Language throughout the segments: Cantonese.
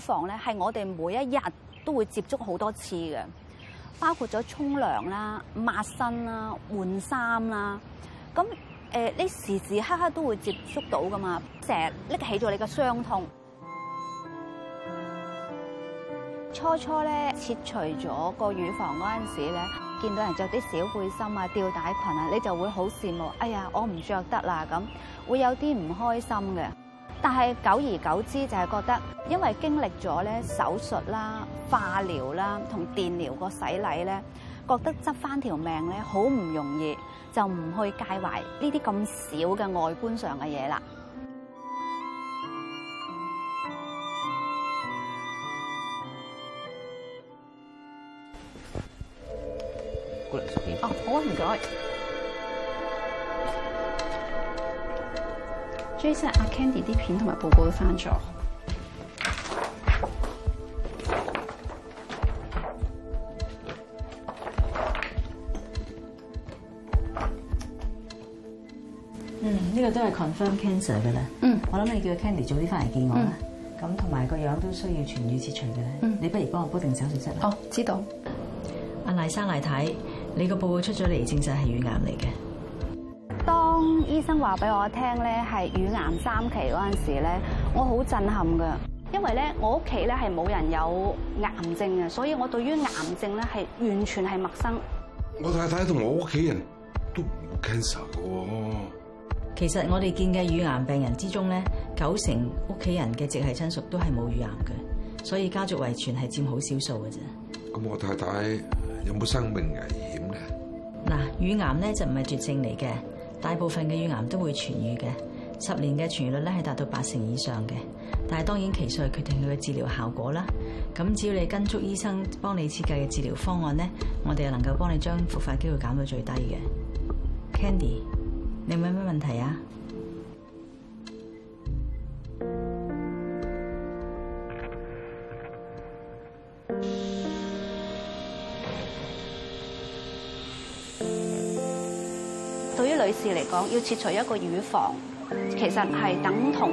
乳房咧，係我哋每一日都會接觸好多次嘅，包括咗沖涼啦、抹身啦、換衫啦，咁誒，你時時刻刻都會接觸到噶嘛，成日拎起咗你嘅傷痛。初初咧，切除咗個乳房嗰陣時咧，見到人着啲小背心啊、吊帶裙啊，你就會好羨慕，哎呀，我唔着得啦，咁會有啲唔開心嘅。但係久而久之，就係覺得，因為經歷咗咧手術啦、化療啦同電療個洗禮咧，覺得執返條命咧好唔容易，就唔去介懷呢啲咁少嘅外觀上嘅嘢啦。好啦，收片。啊，唔該。最近阿 Candy 啲片同埋報告都翻咗，嗯，呢、呢個都係 confirm cancer 嘅啦。嗯，我諗你叫 Candy 早啲翻嚟見我啦。咁同埋個樣都需要全乳切除嘅。嗯，你不如幫我 book 定手術室。哦，知道，啊。阿賴生、賴太，你個報告出咗嚟，證實係乳癌嚟嘅。醫生話俾我聽咧，係乳癌三期嗰陣時咧，我好震撼噶，因為咧我屋企咧係冇人有癌症嘅，所以我對於癌症咧係完全係陌生。我太太同我屋企人都冇 cancer 嘅喎。其實我哋見嘅乳癌病人之中咧，九成屋企人嘅直系親屬都係冇乳癌嘅，所以家族遺傳係佔好少數嘅啫。咁我太太有冇生命危險㗎？嗱，乳癌咧就唔係絕症嚟嘅。大部分嘅乳癌都會痊癒嘅，十年嘅痊癒率咧係達到八成以上嘅。但係當然期數係決定佢嘅治療效果啦。咁只要你跟足醫生幫你設計嘅治療方案咧，我哋又能夠幫你將復發機會減到最低嘅。Candy，你有冇咩問題啊？ 對於女士嚟講，要切除一個乳房，其實係等同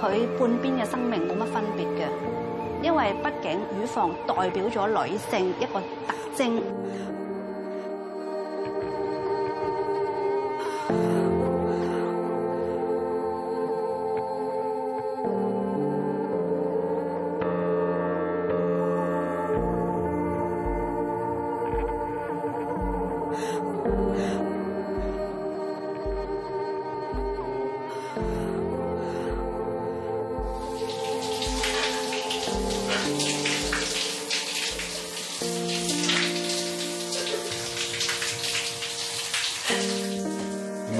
佢半邊嘅生命冇乜分別嘅，因為畢竟乳房代表咗女性一個特徵。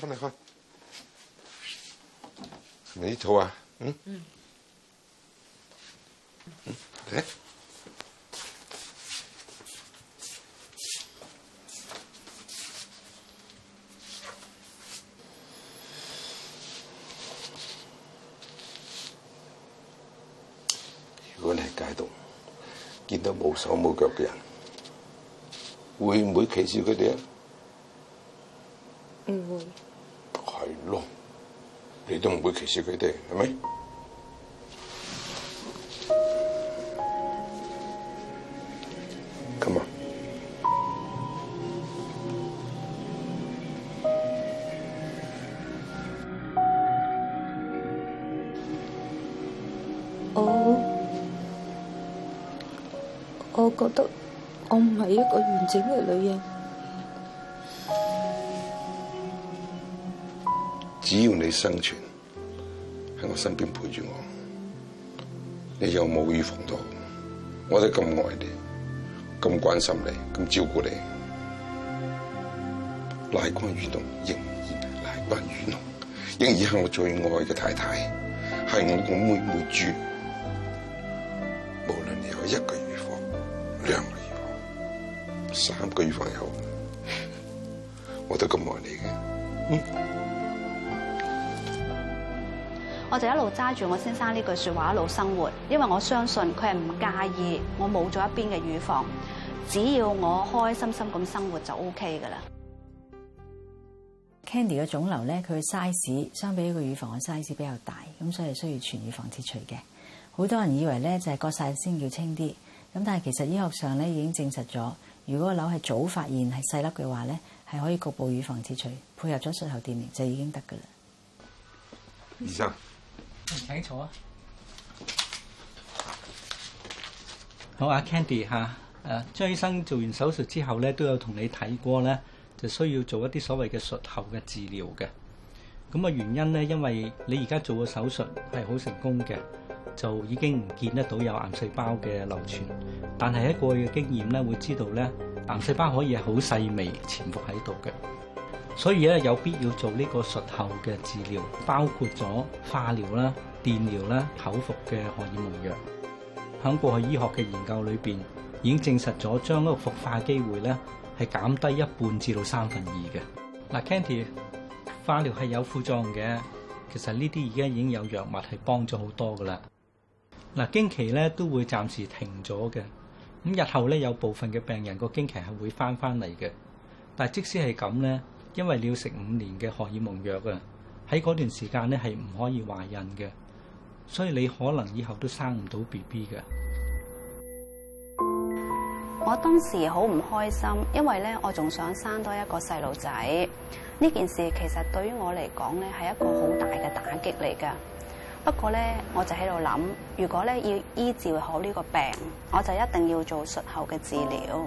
睇下先，你做啊？嗯。嗯。嗯。嚟。如果你喺街度見到冇手冇腳嘅人，會唔會歧視佢哋啊？唔會。咯，你都唔會歧視佢哋，係咪？Come on，我，我覺得我唔係一個完整嘅女人。只要你生存喺我身邊陪住我，你有冇乳房都好，我都咁愛你，咁關心你，咁照顧你，來關乳濃仍然來關乳濃，仍然係我最愛嘅太太，係我個妹妹住，無論你有一個乳房，兩個乳房，三個乳房又好，我都咁愛你嘅。嗯我就一路揸住我先生呢句説話一路生活，因為我相信佢係唔介意我冇咗一邊嘅乳房，只要我開開心心咁生活就 O K 㗎喇。Candy 嘅腫瘤咧，佢 size 相比呢個乳房嘅 size 比較大，咁所以需要全乳房切除嘅。好多人以為咧就係割細先叫清啲，咁但係其實醫學上咧已經證實咗，如果個瘤係早發現係細粒嘅話咧，係可以局部乳房切除，配合咗術後電療就已經得㗎喇。醫生。唔請坐啊！好啊，Candy 吓，誒，張醫生做完手術之後咧，都有同你睇過咧，就需要做一啲所謂嘅術後嘅治療嘅。咁啊，原因咧，因為你而家做嘅手術係好成功嘅，就已經唔見得到有癌細胞嘅流傳。但係喺過去嘅經驗咧，會知道咧，癌細胞可以係好細微潛伏喺度嘅。所以咧，有必要做呢個術後嘅治療，包括咗化療啦、電療啦、口服嘅荷爾蒙藥。喺過去醫學嘅研究裏邊，已經證實咗將嗰個復發機會咧係減低一半至到三分二嘅。嗱，Candy，化療係有副作用嘅，其實呢啲而家已經有藥物係幫咗好多噶啦。嗱，經期咧都會暫時停咗嘅，咁日後咧有部分嘅病人個經期係會翻翻嚟嘅，但即使係咁咧。因為你要食五年嘅荷爾蒙藥啊，喺嗰段時間咧係唔可以懷孕嘅，所以你可能以後都生唔到 BB 嘅。我當時好唔開心，因為咧我仲想生多一個細路仔，呢件事其實對於我嚟講咧係一個好大嘅打擊嚟噶。不過咧我就喺度諗，如果咧要醫治好呢個病，我就一定要做術後嘅治療。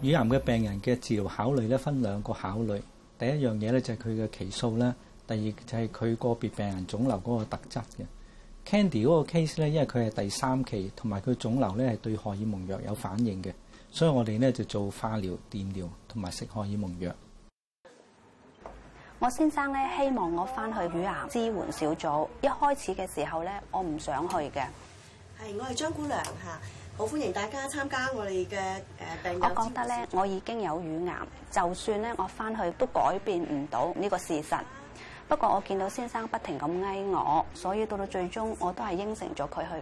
乳癌嘅病人嘅治療考慮咧，分兩個考慮。第一樣嘢咧就係佢嘅期數啦，第二就係佢個別病人腫瘤嗰個特質嘅。Candy 嗰個 case 咧，因為佢係第三期，同埋佢腫瘤咧係對荷爾蒙藥有反應嘅，所以我哋咧就做化療、電療同埋食荷爾蒙藥。我先生咧希望我翻去乳癌支援小組。一開始嘅時候咧，我唔想去嘅。係，我係張姑娘嚇。好歡迎大家參加我哋嘅誒病友諮詢。我覺得咧，我已經有乳癌，就算咧我翻去都改變唔到呢個事實。不過我見到先生不停咁哀我，所以到到最終我都係應承咗佢去。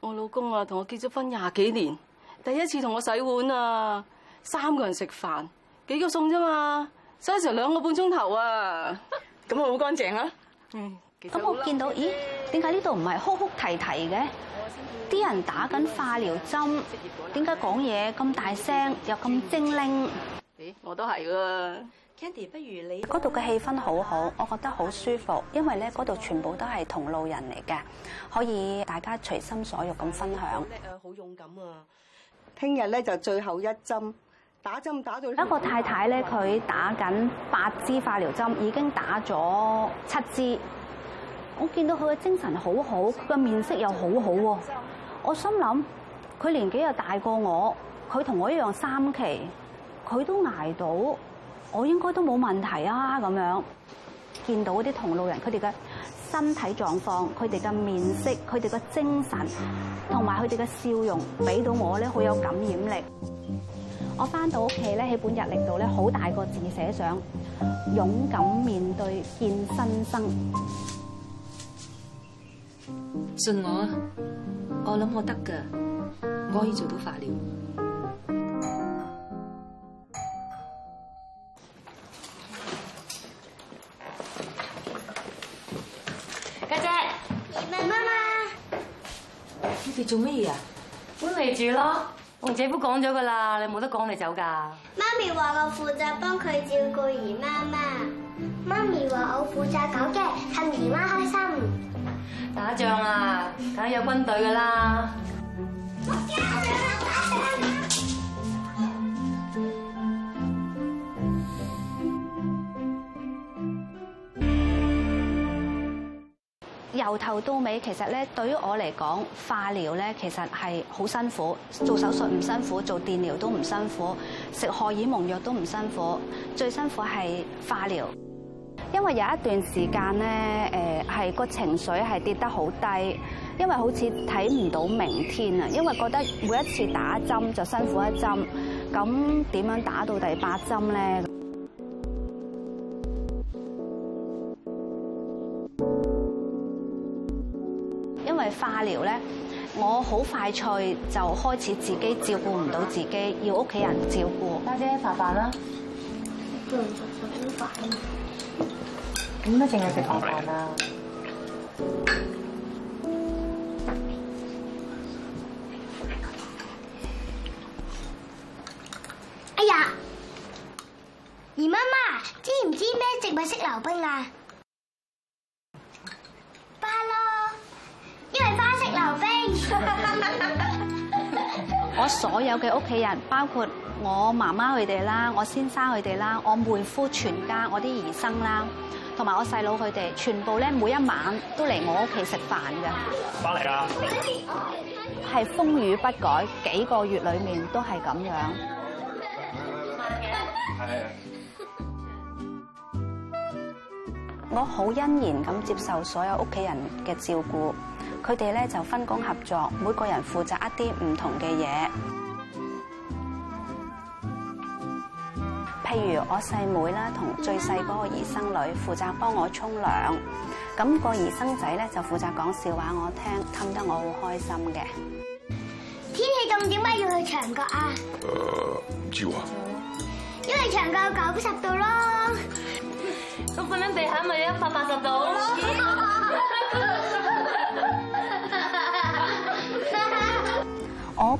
我老公啊，同我結咗婚廿幾年，第一次同我洗碗啊，三個人食飯，幾個餸啫嘛，使咗成兩個半鐘頭啊，咁我好乾淨啊。嗯，咁我見到，咦，點解呢度唔係哭哭啼啼嘅？啲人打緊化療針，點解講嘢咁大聲又咁精靈？咦，我都係喎。Candy 不如你。嗰度嘅氣氛好好，我覺得好舒服，因為咧嗰度全部都係同路人嚟嘅，可以大家隨心所欲咁分享。誒，好勇敢啊！聽日咧就最後一針，打針打到。一個太太咧，佢打緊八支化療針，已經打咗七支。我見到佢嘅精神好好，佢嘅面色又好好喎。我心諗佢年紀又大過我，佢同我一樣三期，佢都捱到，我應該都冇問題啊。咁樣見到啲同路人，佢哋嘅身體狀況、佢哋嘅面色、佢哋嘅精神同埋佢哋嘅笑容，俾到我咧好有感染力，我回家。我翻到屋企咧，喺本日曆度咧好大個字寫上勇敢面對見新生。信我啊！我諗我得噶，我可以做到化療。家姐，姨媽媽，你哋做咩嘢啊？搬嚟住咯！我同姐夫講咗噶啦，你冇得講你走噶。媽咪話我負責幫佢照顧姨媽媽，媽咪話我負責搞嘅，氹姨媽開心。打仗啊，梗係有軍隊噶啦。由頭到尾，其實咧，對於我嚟講，化療咧，其實係好辛苦。做手術唔辛苦，做電療都唔辛苦，食荷爾蒙藥都唔辛苦，最辛苦係化療。因為有一段時間咧，誒係個情緒係跌得好低，因為好似睇唔到明天啊，因為覺得每一次打針就辛苦一針，咁點樣打到第八針咧？因為化療咧，我好快脆就開始自己照顧唔到自己，要屋企人照顧。家姐，爸爸啦！一個人食早餐。咁都淨係食糖飯啦！哎呀，姨媽媽知唔知咩植物識溜冰啊？花咯，因為花式溜冰 。我所有嘅屋企人，包括我媽媽佢哋啦，我先生佢哋啦，我妹夫全家，我啲兒生啦。同埋我細佬佢哋全部咧，每一晚都嚟我屋企食飯㗎。翻嚟啦！係風雨不改，幾個月裡面都係咁樣。我好欣然咁接受所有屋企人嘅照顧，佢哋咧就分工合作，每個人負責一啲唔同嘅嘢。譬如我細妹啦，同最細嗰個兒生女負責幫我沖涼，咁個兒生仔咧就負責講笑話我聽，氹得我好開心嘅。天氣凍，點解要去長角啊？唔知喎，因為長角九十度啦，咁瞓喺地下咪一百八十度？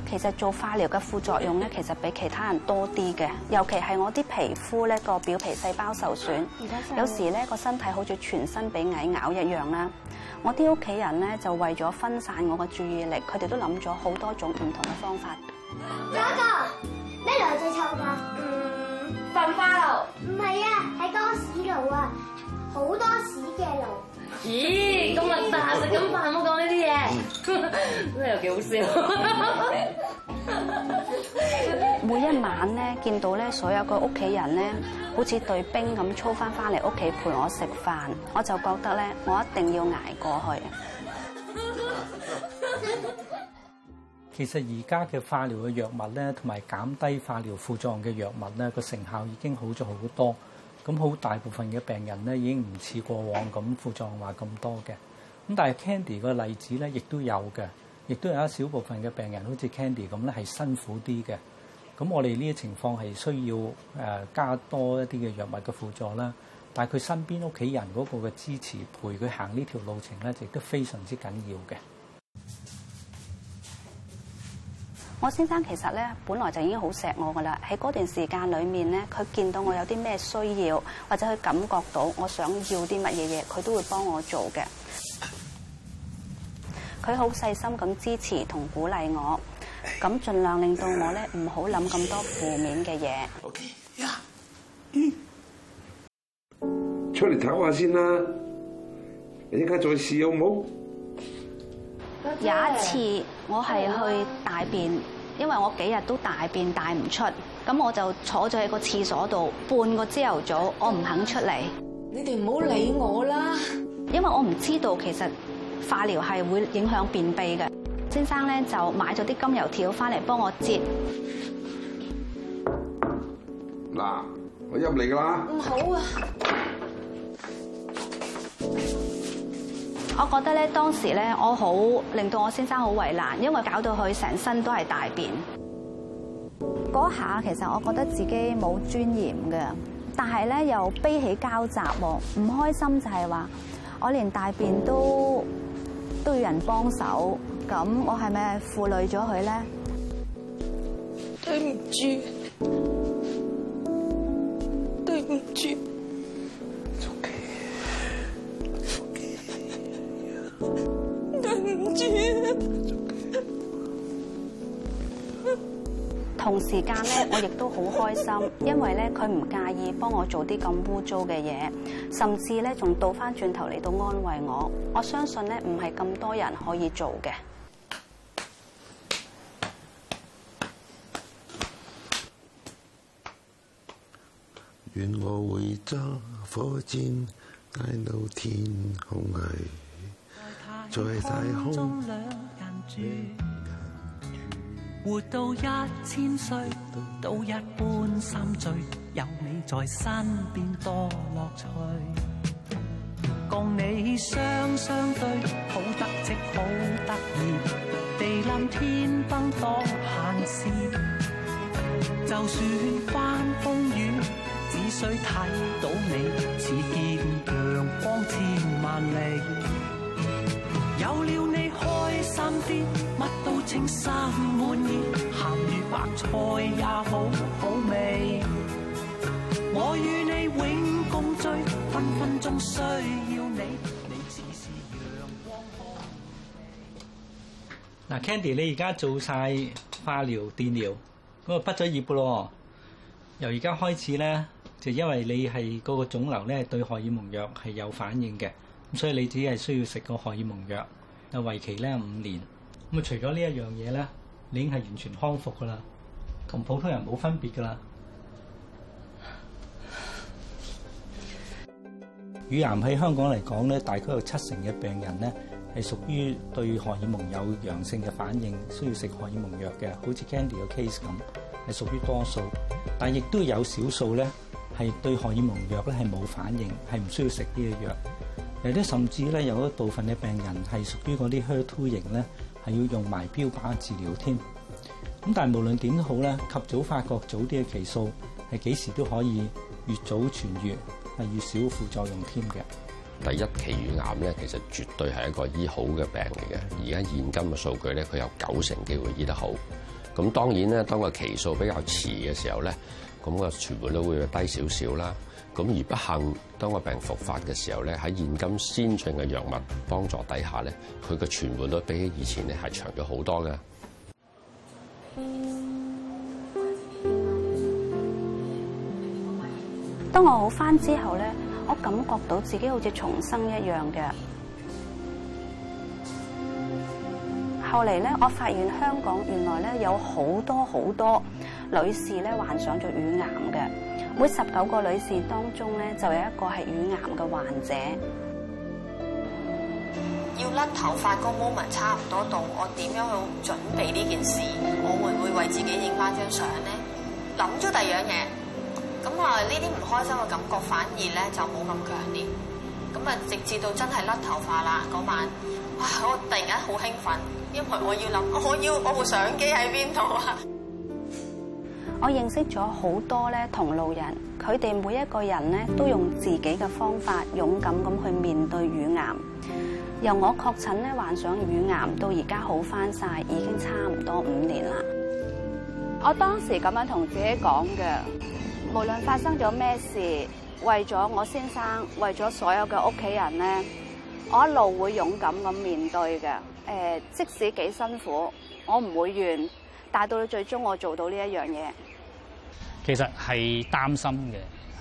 其實做化療嘅副作用咧，其實比其他人多啲嘅，尤其係我啲皮膚咧個表皮細胞受損，有時咧個身體好似全身俾蟻咬一樣啦。我啲屋企人咧就為咗分散我個注意力，佢哋都諗咗好多種唔同嘅方法。第一個咩嚟，最臭噶？嗯，焚化爐。唔係啊，喺屙屎爐啊，好多屎嘅爐。咦、欸，咁核突食咁飯，唔好講呢啲嘢，咁又幾好笑。 每一晚咧，見到咧所有個屋企人咧，好似隊兵咁操翻翻嚟屋企陪我食飯，我就覺得咧，我一定要捱過去。其實而家嘅化療嘅藥物咧，同埋減低化療副作用嘅藥物咧，個成效已經好咗好多。咁好大部分嘅病人咧，已經唔似過往咁副作用話咁多嘅。咁但係 Candy 個例子咧，亦都有嘅，亦都有一小部分嘅病人，好似 Candy 咁咧，係辛苦啲嘅。咁我哋呢啲情況係需要、呃、加多一啲嘅藥物嘅輔助啦。但係佢身邊屋企人嗰個嘅支持，陪佢行呢條路程咧，亦都非常之緊要嘅。我先生其實咧，本來就已經好錫我噶啦。喺嗰段時間裏面咧，佢見到我有啲咩需要，或者佢感覺到我想要啲乜嘢嘢，佢都會幫我做嘅。佢好細心咁支持同鼓勵我，咁盡量令到我咧唔好諗咁多負面嘅嘢。OK，呀，嗯，出嚟睇下先啦，你應該再試好唔好？有一次。我係去大便，因為我幾日都大便大唔出，咁我就坐咗喺個廁所度，半個朝頭早，我唔肯出嚟。你哋唔好理我啦，因為我唔知道其實化療係會影響便秘嘅。先生咧就買咗啲甘油條翻嚟幫我摺。嗱，我入嚟㗎啦。唔好啊！我覺得咧，當時咧，我好令到我先生好為難，因為搞到佢成身都係大便那一。嗰下其實我覺得自己冇尊嚴嘅，但係咧又悲喜交集喎，唔開心就係話我連大便都都要人幫手，咁我係咪負累咗佢咧？對唔住。間咧，我亦都好開心，因為咧佢唔介意幫我做啲咁污糟嘅嘢，甚至咧仲倒翻轉頭嚟，到安慰我。我相信咧唔係咁多人可以做嘅。願我會揸火箭，帶到天空去，在太空兩活到一千歲，都一般心醉。有你在身邊，多樂趣。共你相相對，好得戚好得意。地冧天崩當閒事，就算翻風雨，只需睇到你，似見陽光千萬里。有了你，開心啲，乜都稱心滿意，鹹魚白菜也好好味。我與你永共聚，分分鐘需要你。你只是陽光空氣。嗱，Candy，你而家做晒化療、電療，咁就畢咗業咯。由而家開始咧，就因為你係嗰個腫瘤咧對荷爾蒙藥係有反應嘅。咁所以你只係需要食個荷爾蒙藥，啊，為期咧五年。咁啊，除咗呢一樣嘢咧，你已經係完全康復噶啦，同普通人冇分別噶啦。乳癌喺香港嚟講咧，大概有七成嘅病人咧係屬於對荷爾蒙有陽性嘅反應，需要食荷爾蒙藥嘅，好似 Candy 個 case 咁係屬於多數。但亦都有少數咧係對荷爾蒙藥咧係冇反應，係唔需要食呢個藥。誒啲甚至咧有一部分嘅病人係屬於嗰啲 her2 型咧，係要用埋標靶治療添。咁但係無論點都好咧，及早發覺早啲嘅期數，係幾時都可以越早痊愈係越少副作用添嘅。第一期乳癌咧，其實絕對係一個醫好嘅病嚟嘅。而家現今嘅數據咧，佢有九成機會醫得好。咁當然咧，當個期數比較遲嘅時候咧，咁個存活率都會低少少啦。咁而不幸，當個病復發嘅時候咧，喺現今先進嘅藥物幫助底下咧，佢嘅存活率比起以前咧係長咗好多嘅。當我好返之後咧，我感覺到自己好似重生一樣嘅。後嚟咧，我發現香港原來咧有好多好多。女士咧患上咗乳癌嘅，每十九個女士當中咧就有一個係乳癌嘅患者。要甩頭髮嗰 moment 差唔多到，我點樣去準備呢件事？我會唔會為自己影翻張相咧，諗咗第二樣嘢。咁啊，呢啲唔開心嘅感覺反而咧就冇咁強烈咁啊，直至到真係甩頭髮啦嗰晚，哇！我突然間好興奮，因為我要諗，我要我部相機喺邊度啊！我認識咗好多咧同路人，佢哋每一個人咧都用自己嘅方法勇敢咁去面對乳癌。由我確診咧患上乳癌到而家好翻晒已經差唔多五年啦。我當時咁樣同自己講嘅，無論發生咗咩事，為咗我先生，為咗所有嘅屋企人咧，我一路會勇敢咁面對嘅。誒，即使幾辛苦，我唔會怨，但到最終，我做到呢一樣嘢。其實係擔心嘅，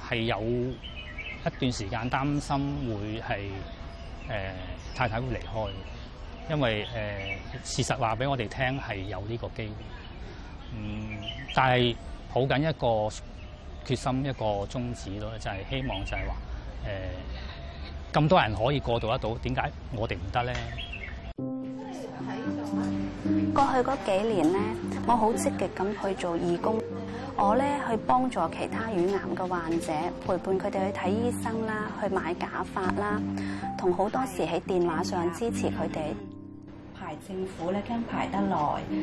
係有一段時間擔心會係誒、呃、太太會離開嘅，因為誒、呃、事實話俾我哋聽係有呢個機會的。嗯，但係抱緊一個決心一個宗旨咯，就係、係、希望就係話誒咁多人可以過渡得到，點解我哋唔得咧？過去嗰幾年咧，我好積極咁去做義工，我咧去幫助其他乳癌嘅患者，陪伴佢哋去睇醫生啦，去買假髮啦，同好多時喺電話上支持佢哋。排政府咧，驚排得耐。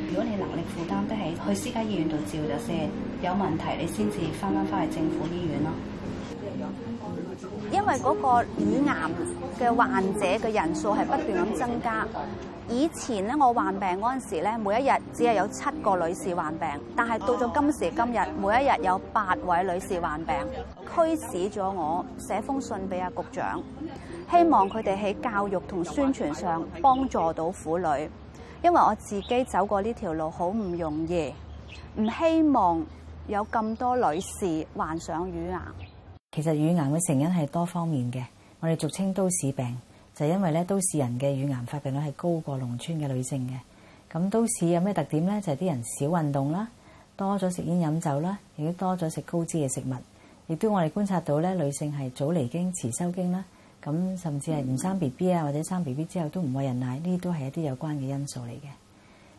如果你能力負擔得起，去私家醫院度照就先，有問題你先至翻翻翻去政府醫院咯。因為嗰個乳癌嘅患者嘅人數係不斷咁增加。以前咧，我患病嗰陣時咧，每一日只係有七個女士患病，但係到咗今時今日，每一日有八位女士患病，驅使咗我寫封信俾阿局長，希望佢哋喺教育同宣傳上幫助到婦女。因為我自己走過呢條路好唔容易，唔希望有咁多女士患上乳癌。其實乳癌嘅成因係多方面嘅，我哋俗稱都市病，就係因為咧都市人嘅乳癌發病率係高過農村嘅女性嘅。咁都市有咩特點咧？就係啲人少運動啦，多咗食煙飲酒啦，亦都多咗食高脂嘅食物，亦都我哋觀察到咧女性係早離經、遲收經啦，咁甚至係唔生 B B 啊，或者生 B B 之後都唔餵人奶，呢啲都係一啲有關嘅因素嚟嘅。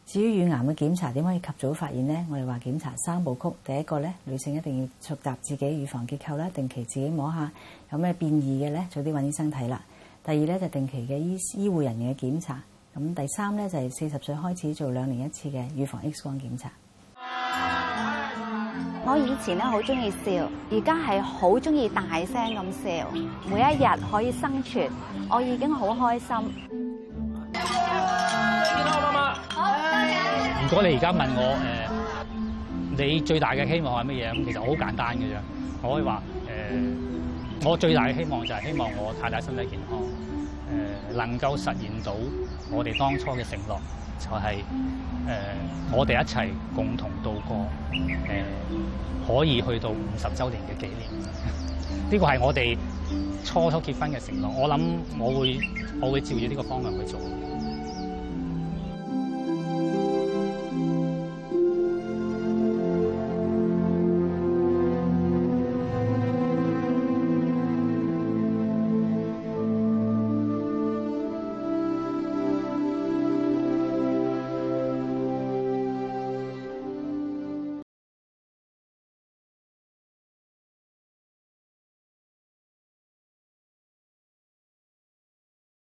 至於乳癌嘅檢查點可以及早發現呢？我哋話檢查三部曲，第一個咧，女性一定要熟習自己乳房結構啦，定期自己摸下有咩變異嘅咧，早啲揾醫生睇啦。第二咧就係定期嘅醫醫護人員嘅檢查。咁第三咧就係四十歲開始做兩年一次嘅乳房 X 光檢查。我以前咧好中意笑，而家係好中意大聲咁笑。每一日可以生存，我已經好開心。如果你而家問我、呃、你最大嘅希望係乜嘢？咁其實好簡單嘅啫，我可以話、呃、我最大嘅希望就係希望我太太身體健康，呃、能夠實現到我哋當初嘅承諾，就係、呃、我哋一齊共同度過、呃、可以去到五十週年嘅紀念。呢個係我哋初初結婚嘅承諾，我諗我會我會照住呢個方向去做。